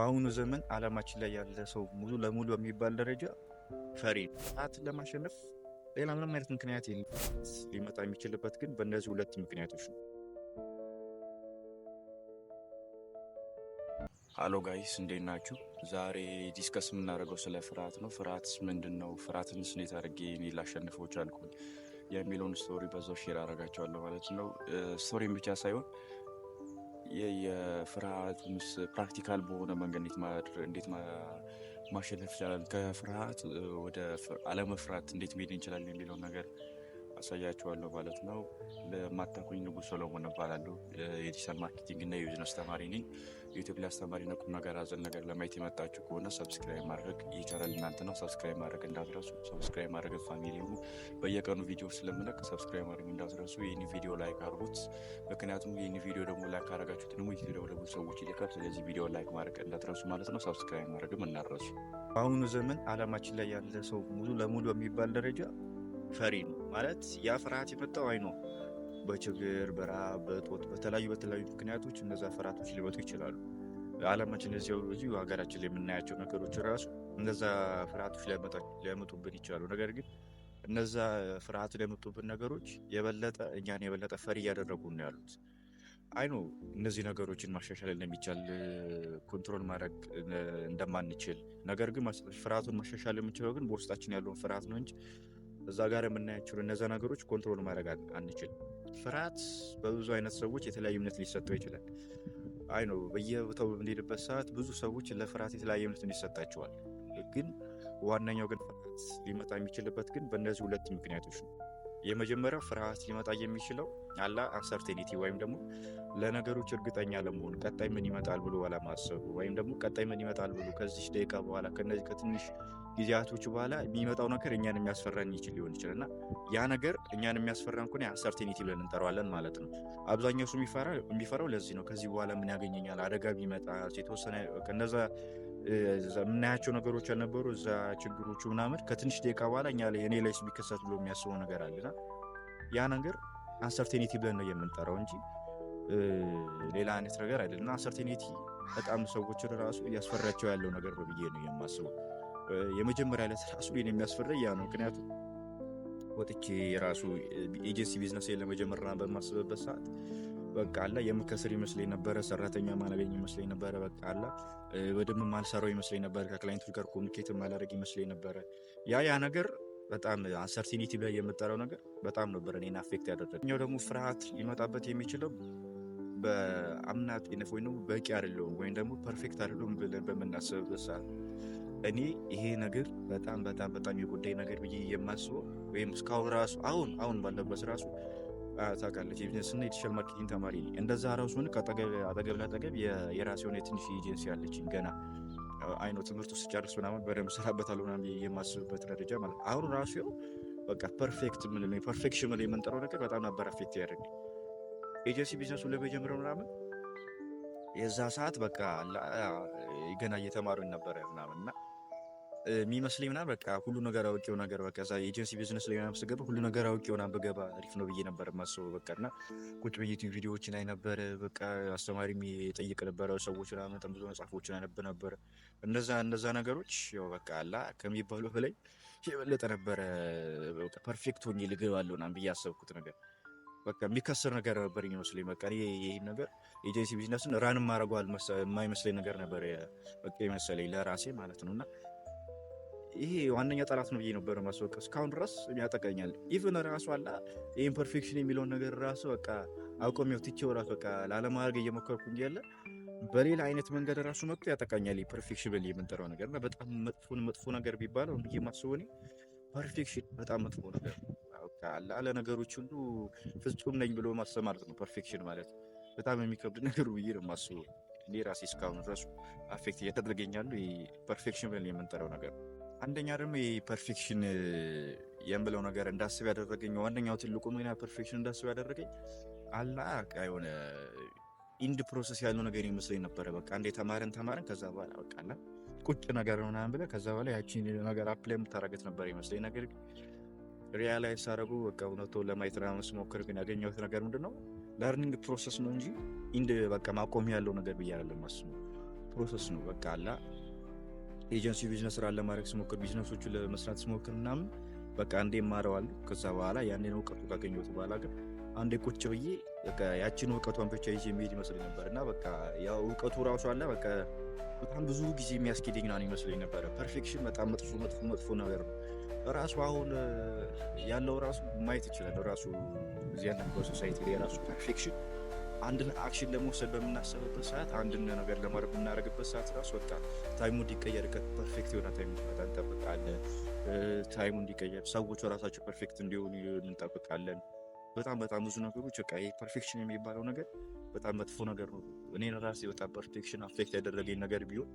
በአሁኑ ዘመን አላማችን ላይ ያለ ሰው ሙሉ ለሙሉ በሚባል ደረጃ ፈሪ ሰዓትን ለማሸነፍ ሌላ ምንም አይነት ምክንያት የለም። ሊመጣ የሚችልበት ግን በእነዚህ ሁለት ምክንያቶች ነው። አሎ ጋይስ እንዴት ናችሁ? ዛሬ ዲስከስ የምናደርገው ስለ ፍርሃት ነው። ፍርሃትስ ምንድን ነው? ፍርሃትንስ እንዴት አድርጌ እኔ ላሸንፈው ቻልኩኝ የሚለውን ስቶሪ በዛው ሼር አደርጋቸዋለሁ ማለት ነው። ስቶሪን ብቻ ሳይሆን የፍርሃቱንስ ፕራክቲካል በሆነ መንገድ እንዴት ማሸነፍ ይችላል፣ ከፍርሃት ወደ አለመፍራት እንዴት መሄድ እንችላለን የሚለውን ነገር አሳያችኋለሁ ማለት ነው። ለማታውቁኝ ንጉሥ ሰሎሞን እባላለሁ። የዲጂታል ማርኬቲንግ እና የቢዝነስ ተማሪ ነኝ። የኢትዮጵያ አስተማሪ ነው። ቁም ነገር አዘል ነገር ለማየት የመጣችሁ ከሆነ ሰብስክራይብ ማድረግ ይቻላል። እናንተ ነው። ሰብስክራይብ ማድረግ እንዳትረሱ። ሰብስክራይብ ማድረግ ፋሚሊ ሆኑ። በየቀኑ ቪዲዮ ስለምለቅ ሰብስክራይብ ማድረግ እንዳትረሱ። ይህን ቪዲዮ ላይክ አድርጉት። ምክንያቱም ይህን ቪዲዮ ደግሞ ላይክ አረጋችሁት ደግሞ ይህ ቪዲዮ ደግሞ ሰዎች ይልካል። ስለዚህ ቪዲዮ ላይክ ማድረግ እንዳትረሱ ማለት ነው። ሰብስክራይብ ማድረግም እናረሱ። በአሁኑ ዘመን አለማችን ላይ ያለ ሰው ሙሉ ለሙሉ በሚባል ደረጃ ፈሪ ነው። ማለት ያ ፍርሃት የመጣው አይ ነው በችግር በረሃብ በጦት በተለያዩ በተለያዩ ምክንያቶች እነዛ ፍርሃቶች ሊመጡ ይችላሉ። አለማችን እዚያው እዚሁ ሀገራችን ላይ የምናያቸው ነገሮች ራሱ እነዛ ፍርሃቶች ሊያመጡብን ይችላሉ። ነገር ግን እነዛ ፍርሃት ሊያመጡብን ነገሮች የበለጠ እኛን የበለጠ ፈሪ እያደረጉ ነው ያሉት። አይኖ እነዚህ ነገሮችን ማሻሻል እንደሚቻል ኮንትሮል ማድረግ እንደማንችል ነገር ግን ፍርሃቱን ማሻሻል የምንችለው ግን በውስጣችን ያለውን ፍርሃት ነው እንጂ እዛ ጋር የምናያቸውን እነዛ ነገሮች ኮንትሮል ማድረግ አንችልም። ፍርሃት በብዙ አይነት ሰዎች የተለያዩ እምነት ሊሰጠው ይችላል። አይ ነው በየቦታው በምንሄድበት ሰዓት ብዙ ሰዎች ለፍርሃት የተለያየ እምነት ይሰጣቸዋል። ግን ዋነኛው ግን ፍርሃት ሊመጣ የሚችልበት ግን በእነዚህ ሁለት ምክንያቶች ነው። የመጀመሪያው ፍርሃት ሊመጣ የሚችለው አላ አንሰርቴኒቲ ወይም ደግሞ ለነገሮች እርግጠኛ ለመሆን ቀጣይ ምን ይመጣል ብሎ ማሰቡ ወይም ደግሞ ቀጣይ ምን ይመጣል ብሎ ከዚች ደቂቃ በኋላ ከነዚህ ከትንሽ ጊዜያቶች በኋላ የሚመጣው ነገር እኛን የሚያስፈራን ይችል ሊሆን ይችላል እና ያ ነገር እኛን የሚያስፈራን ከሆነ አንሰርቴኒቲ ብለን እንጠራዋለን ማለት ነው። አብዛኛው ሰው የሚፈራው ለዚህ ነው። ከዚህ በኋላ ምን ያገኘኛል፣ አደጋ ቢመጣ የተወሰነ ከነዛ የምናያቸው ነገሮች አልነበሩ እዛ ችግሮቹ ምናምን ከትንሽ ደቂቃ በኋላ እኛ ላይ እኔ ላይስ ቢከሰት ብሎ የሚያስበው ነገር አለና ያ ነገር አንሰርቴኒቲ ብለን ነው የምንጠራው እንጂ ሌላ አይነት ነገር አይደለም። እና አንሰርቴኒቲ በጣም ሰዎችን ራሱ እያስፈራቸው ያለው ነገር ነው ብዬ ነው የማስበው። የመጀመሪያ ዕለት ራሱ ሌን የሚያስፈራ ያ ነው። ምክንያቱም ወጥቼ የራሱ ኤጀንሲ ቢዝነስ ለመጀመር በማስበበት ሰዓት በቃ አለ የምከስር ይመስለኝ ነበረ፣ ሰራተኛ ማለገኝ ይመስለኝ ነበረ። በቃ አለ በደንብ ማልሰራው ይመስለኝ ነበረ፣ ከክላይንቶች ጋር ኮሚኒኬት ማላደረግ ይመስለኝ ነበረ። ያ ያ ነገር በጣም አንሰርቲኒቲ ብለህ የምጠራው ነገር በጣም ነበር እኔን አፌክት ያደረገ። እኛው ደግሞ ፍርሃት ሊመጣበት የሚችለው በአምና ጤነፍ ወይ ደግሞ በቂ አይደለሁም ወይም ደግሞ ፐርፌክት አይደለሁም ብለን በምናስብበት ሰዓት እኔ ይሄ ነገር በጣም በጣም በጣም የጉዳይ ነገር ብዬ የማስበው ወይም እስካሁን ራሱ አሁን አሁን ባለበት ራሱ ታውቃለች። የቢዝነስና የዲጂታል ማርኬቲንግ ተማሪ ነኝ። እንደዛ ራሱን አጠገብ ለአጠገብ የራሴ የሆነ ትንሽ ኤጀንሲ አለች። ገና አይኖ ትምህርት ውስጥ ጨርስ ምናምን በደምብ ሰራበታለሁ ምናምን የማስብበት ደረጃ ማለት አሁን ራሱ ያው በቃ ፐርፌክት ምን ፐርፌክሽን ምን የምንጠራው ነገር በጣም ነበር አፌክት ያደርግ ኤጀንሲ ቢዝነሱን ለመጀመሪያው ምናምን የዛ ሰዓት በቃ ገና እየተማሩኝ ነበረ ምናምን እና የሚመስለኝ ምናምን በቃ ሁሉ ነገር አውቄው ነገር በቃ እዛ ኤጀንሲ ቢዝነስ ላይ ምናምን ስገባ ሁሉ ነገር አውቄው ምናምን ብገባ አሪፍ ነው ብዬ ነበር የማስበው። በቃ እና ቁጭ ብዬ ዩቲዩብ ቪዲዮዎችን አይ ነበር። በቃ አስተማሪም የጠይቅ ነበረ ሰዎች ምናምን ብዙ መጽሐፎችን አነብ ነበር። እንደዛ እንደዛ ነገሮች ያው በቃ አላ ከሚባሉ በላይ የበለጠ ነበረ ፐርፌክት ሆኜ ልገባለሁ ምናምን ብዬ ያሰብኩት ነገር በቃ የሚከስር ነገር ነበር የሚመስለኝ። በቃ ይህን ነገር ኤጀንሲ ቢዝነስን ራን ማድረጓል የማይመስለኝ ነገር ነበር በቃ የመሰለኝ ለራሴ ማለት ነው እና ይሄ ዋነኛ ጠላት ነው ብዬ ነበረ ማስወቀ እስካሁን ድረስ ያጠቀኛል። ኢቨን ራሱ አለ ይህን ፐርፌክሽን የሚለውን ነገር ራሱ በቃ አቆሜው ትቼው ራሱ በቃ ላለማድረግ እየሞከርኩ እንጂ ያለ በሌላ አይነት መንገድ ራሱ መጥቶ ያጠቃኛል። ፐርፌክሽን ብል የምንጠራው ነገር እና በጣም መጥፎን መጥፎ ነገር ቢባለው ብዬ ማስበው እኔ ፐርፌክሽን በጣም መጥፎ ነገር አለ። ነገሮች ሁሉ ፍጹም ነኝ ብሎ ማሰብ ማለት ነው ፐርፌክሽን ማለት በጣም የሚከብድ ነገር ብዬ ነው ማስቡ እኔ ራሴ እስካሁን ድረስ አፌክት እያደረገኛሉ ፐርፌክሽን ብለን የምንጠራው ነገር ነው። አንደኛ ደግሞ ይሄ ፐርፌክሽን የምለው ነገር እንዳስብ ያደረገኝ ዋነኛው ትልቁ ሚና ፐርፌክሽን እንዳስብ ያደረገኝ አላ የሆነ ኢንድ ፕሮሰስ ያለው ነገር ይመስለኝ ነበረ። በቃ አንዴ ተማርን ተማርን ከዛ በኋላ በቃ ቁጭ ነገር ነው ምናምን ብለህ ከዛ በኋላ ያቺን ነገር አፕላይ የምታረገት ነበር ይመስለኝ። ነገር ግን ሪያላይዝ ሳደረጉ በቃ እውነቶ ለማየት ራመስ ሞክር ግን ያገኘሁት ነገር ምንድን ነው ለርኒንግ ፕሮሰስ ነው እንጂ ኢንድ በቃ ማቆም ያለው ነገር ብዬ አይደለም። ፕሮሰስ ነው በቃ አላ ኤጀንሲ ቢዝነስ ስራ ለማድረግ ስሞክር ቢዝነሶቹ ለመስራት ስሞክር ምናምን በቃ አንዴ ማረዋል። ከዛ በኋላ ያንን እውቀቱ ካገኘሁት በኋላ ግን አንዴ ቁጭ ብዬ ያችን እውቀቷን ብቻ ይዤ የሚሄድ ይመስለኝ ነበር እና በቃ ያው እውቀቱ ራሱ አለ በቃ በጣም ብዙ ጊዜ የሚያስኬደኝ ምናምን ይመስለኝ ነበረ። ፐርፌክሽን በጣም መጥፎ መጥፎ መጥፎ ነገር ነው። ራሱ አሁን ያለው ራሱ ማየት ይችላል። ራሱ እዚያ ሶሳይቲ ላይ ራሱ ፐርፌክሽን አንድን አክሽን ለመውሰድ በምናሰብበት ሰዓት አንድን ነገር ለማድረግ የምናደርግበት ሰዓት ራሱ ወጣ ታይሙ እንዲቀየር ፐርፌክት የሆነ ታይሙ እንጠብቃለን። ታይሙ እንዲቀየር ሰዎቹ ራሳቸው ፐርፌክት እንዲሆኑ እንጠብቃለን። በጣም በጣም ብዙ ነገሮች በቃ ይሄ ፐርፌክሽን የሚባለው ነገር በጣም መጥፎ ነገር ነው። እኔን ራሴ በጣም ፐርፌክሽን አፌክት ያደረገኝ ነገር ቢሆን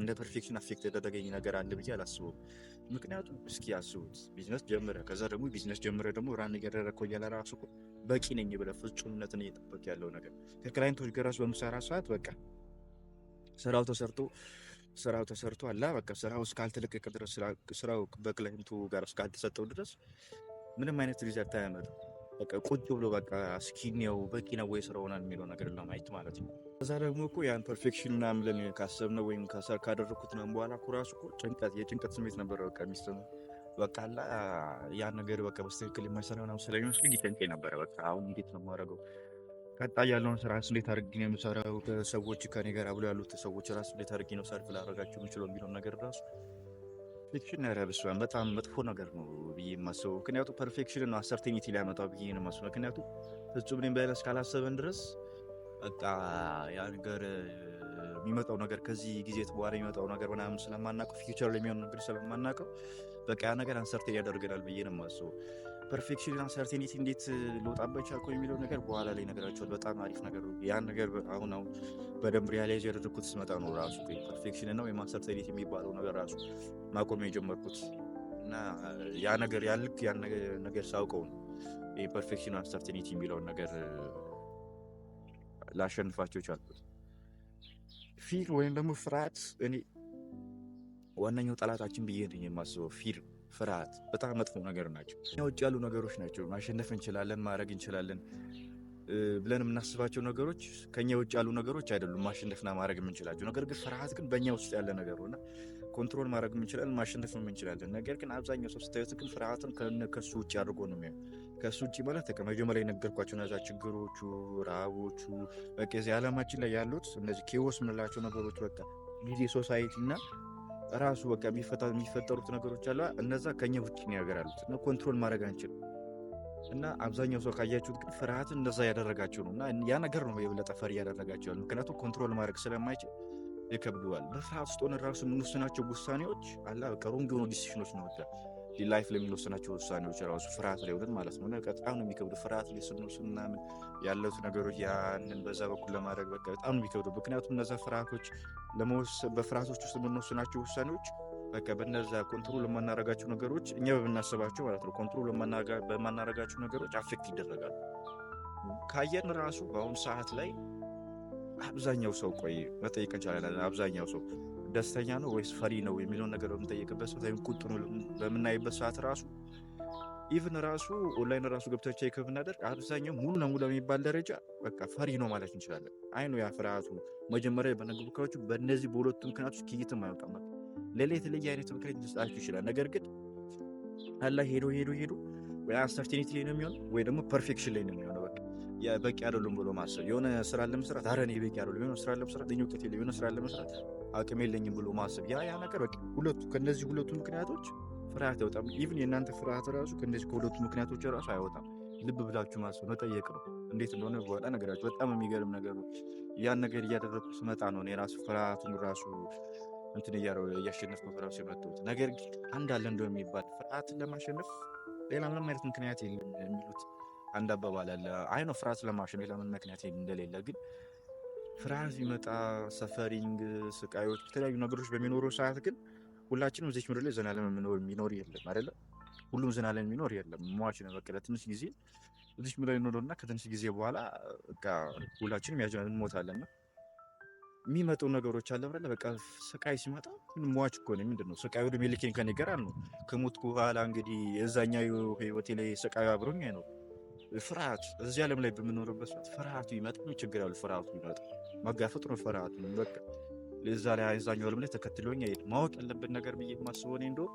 እንደ ፐርፌክሽን አፌክት ያደረገኝ ነገር አለ ብዬ አላስበውም። ምክንያቱም እስኪ ያስቡት ቢዝነስ ጀምረ ከዛ ደግሞ ቢዝነስ ጀምረ ደግሞ ራን እያደረግ እያለ ራሱ በቂ ነኝ ብለህ ፍጹምነትን እየጠበቅ ያለው ነገር ከክላይንቶች ጋር ራሱ በምሰራ ሰዓት በቃ ስራው ተሰርቶ ስራው ተሰርቶ አላ በቃ ስራው እስካልተለቀቀ ድረስ ስራው በክላይንቱ ጋር እስካልተሰጠው ድረስ ምንም አይነት ሪዛልት አያመጣም። በቃ ቁጭ ብሎ በቃ እስኪ እንየው በቂ ነው ወይ ስራውን የሚለው ነገር ለማየት ማለት ነው። ከዛ ደግሞ እኮ ያን ፐርፌክሽን ምናምን ብለን ካሰብነው ወይም ከሰር ካደረግኩት ምናምን በኋላ እኮ ራሱ እኮ ጭንቀት የጭንቀት ስሜት ነበር በቃ የሚሰማው። በቃ ላ ያን ነገር በቃ በስትክክል የማይሰራ ምናምን ስለሚመስለኝ ይጨንቀኝ ነበረ። በቃ አሁን እንዴት ነው የማደርገው? ቀጣይ ያለውን ስራ እንዴት አድርጌ ነው የምሰራው? ሰዎች ከኔ ጋር ብሎ ያሉት ሰዎች ራሱ እንዴት አድርጌ ነው ሰርፍ ላደርጋቸው የምችለው የሚለውን ነገር ራሱ ፐርፌክሽን ያረብስዋን በጣም መጥፎ ነገር ነው ብዬ የማስበው። ምክንያቱም ፐርፌክሽን ነው አሰርቴኒቲ ሊያመጣው ብዬ ነው የማስበው። ምክንያቱም ፍጹም ነኝ ብለን እስካላሰበን ድረስ በቃ ያ ነገር የሚመጣው ነገር ከዚህ ጊዜ በኋላ የሚመጣው ነገር ምናምን ስለማናውቀው ፊውቸር ላይ የሚሆን ነገር ስለማናውቀው በቃ ያ ነገር አንሰርቴን ያደርገናል ብዬ ነው የማስበው። ፐርፌክሽን አንሰርቴኒቲ እንዴት ልወጣበት ቻልኩኝ የሚለው ነገር በኋላ ላይ ነገራቸዋል። በጣም አሪፍ ነገር ያን ነገር አሁን አሁን በደንብ ሪያላይዝ ያደረግኩት ስመጣ ነው ራሱ ፐርፌክሽን ነው ወይም አንሰርቴኒቲ የሚባለው ነገር ራሱ ማቆም የጀመርኩት እና ያ ነገር ያልክ ያን ነገር ሳውቀው ነው ፐርፌክሽን አንሰርቴኒቲ የሚለውን ነገር ላሸንፋቸው ቻልኩት። ፊር ወይም ደግሞ ፍርሃት እኔ ዋነኛው ጠላታችን ብዬ የማስበው ፊር፣ ፍርሃት በጣም መጥፎ ነገር ናቸው። እኛ ውጭ ያሉ ነገሮች ናቸው። ማሸነፍ እንችላለን፣ ማድረግ እንችላለን ብለን የምናስባቸው ነገሮች ከኛ ውጭ ያሉ ነገሮች አይደሉም። ማሸነፍና ማድረግ የምንችላቸው ነገር ግን ፍርሃት ግን በእኛ ውስጥ ያለ ነገር እና ኮንትሮል ማድረግ የምንችላለን፣ ማሸነፍ የምንችላለን። ነገር ግን አብዛኛው ሰው ስታዩት ግን ፍርሃትን ከሱ ውጭ አድርጎ ነው የሚያየው። ከእሱ ውጭ ማለት በቃ መጀመሪያ የነገርኳቸው እነዛ ችግሮቹ፣ ረሃቦቹ በቃ የዚህ ዓለማችን ላይ ያሉት እነዚህ ኬዎስ ምንላቸው ነገሮች በቃ ጊዜ ሶሳይቲ እና ራሱ በቃ የሚፈጠሩት ነገሮች አለ። እነዛ ከኛ ውጭ ነው ያገር ያሉት እና ኮንትሮል ማድረግ አንችልም። እና አብዛኛው ሰው ካያችሁት ግን ፍርሃትን እንደዛ ያደረጋቸው ነው እና ያ ነገር ነው የበለጠ ፈሪ ያደረጋቸዋል። ምክንያቱም ኮንትሮል ማድረግ ስለማይችል ይከብደዋል። በፍርሃት ውስጥ ሆነ ራሱ የምንወስናቸው ውሳኔዎች አላ በቃ ሮንግ የሆኑ ዲሲሽኖች ነው ላይፍ ለሚወስናቸው ውሳኔዎች ራሱ ፍርሃት ላይ ሆነን ማለት ነው። በጣም ነው የሚከብዱ ፍርሃት ላይ ስንሆን ምናምን ነገሮች ያንን በዛ በኩል ለማድረግ በቃ በጣም ነው የሚከብዱ። ምክንያቱም እነዛ ፍርሃቶች በፍርሃቶች ውስጥ የምንወስናቸው ውሳኔዎች በቃ በነዛ ኮንትሮል የማናረጋቸው ነገሮች እኛ በምናስባቸው ማለት ነው ኮንትሮል በማናረጋቸው ነገሮች አፌክት ይደረጋል። ካየን ራሱ በአሁኑ ሰዓት ላይ አብዛኛው ሰው ቆይ መጠየቅ እንችላለን። አብዛኛው ሰው ደስተኛ ነው ወይስ ፈሪ ነው የሚለውን ነገር በምንጠይቅበት ሰዓት ወይም ቁጡ ነው በምናይበት ሰዓት ራሱ ኢቭን ራሱ ኦንላይን ራሱ ገብተቻ ይክብ እናደርግ አብዛኛው ሙሉ ለሙሉ በሚባል ደረጃ በቃ ፈሪ ነው ማለት እንችላለን። አይኑ ያ ፍርሃቱ መጀመሪያ በነግብካዎቹ በእነዚህ በሁለቱ ምክንያቶች ኪይትም አያውጣም። ሌላ የተለየ አይነት ምክንያት ሊሰጣችሁ ይችላል። ነገር ግን አላ ሄዶ ሄዶ ሄዶ ወይ አንሰርቲኒቲ ላይ ነው የሚሆነው ወይ ደግሞ ፐርፌክሽን ላይ ነው የሚሆነው በቂ አይደሉም ብሎ ማሰብ፣ የሆነ ስራ ለመስራት አረ እኔ በቂ አይደሉም፣ የሆነ ስራ ለመስራት እኔ እውቀት የሆነ ስራ ለመስራት አቅም የለኝም ብሎ ማሰብ፣ ያ ያ ነገር በቂ ሁለቱ ከነዚህ ሁለቱ ምክንያቶች ፍርሃት አይወጣም። ኢቭን የእናንተ ፍርሃት ራሱ ከነዚህ ከሁለቱ ምክንያቶች ራሱ አይወጣም። ልብ ብላችሁ ማሰብ መጠየቅ ነው። እንዴት እንደሆነ በኋላ ነገራችሁ በጣም የሚገርም ነገር ነው። ያን ነገር እያደረግኩ ስመጣ ነው እኔ ራሱ ፍርሃቱን ራሱ እንትን እያሸነፍኩ ራሱ የመጣሁት ነገር ግን አንድ አለ እንደው የሚባል ፍርሃትን ለማሸነፍ ሌላ ምንም አይነት ምክንያት የለም የሚሉት አንድ አባባል አለ። አይ ነው ፍርሃት ለማሸነፍ ለምን ምክንያት እንደሌለ ግን ፍርሃት ቢመጣ ሰፈሪንግ፣ ስቃዮች፣ የተለያዩ ነገሮች በሚኖሩ ሰዓት ግን ሁላችንም እዚች ምድር ላይ ዘላለም የሚኖር የለም አይደለ? ሁሉም ዘላለም የሚኖር የለም። ሟች ነው በቃ ለትንሽ ጊዜ እዚች ምድር ላይ ይኖርና ከትንሽ ጊዜ በኋላ በቃ ሁላችንም ያጅ እንሞታለንና የሚመጡ ነገሮች አለ ብለ በቃ ስቃይ ሲመጣ ሟች እኮ ነው። ምንድን ነው ስቃዩ ወደ ልኬን ከኔ ጋር ነው። ከሞትኩ በኋላ እንግዲህ የዛኛው ህይወቴ ላይ ስቃዩ አብሮኝ አይኖርም ፍርሃት እዚህ ዓለም ላይ በምኖርበት ሰዓት ፍርሃቱ ይመጣል። ችግር ያሉ ፍርሃቱ ይመጣል። መጋፈጥ ነው ፍርሃቱ። በቃ ለዛ ላይ አይዛኛው ዓለም ላይ ተከትሎኝ አይሄድ ማወቅ ያለብን ነገር ብዬ የማስበው እኔ እንደው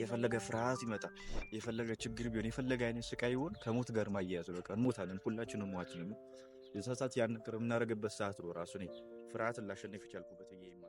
የፈለገ ፍርሃት ይመጣል፣ የፈለገ ችግር ቢሆን፣ የፈለገ አይነት ስቃይ ቢሆን ከሞት ጋር ማያያዝ በቃ እንሞታለን። ሁላችንም ሟች ነን። የዛ ያን ነገር የምናደርግበት ሰዓት ነው ራሱ እኔ ፍርሃትን ላሸነፍ ይቻልኩበት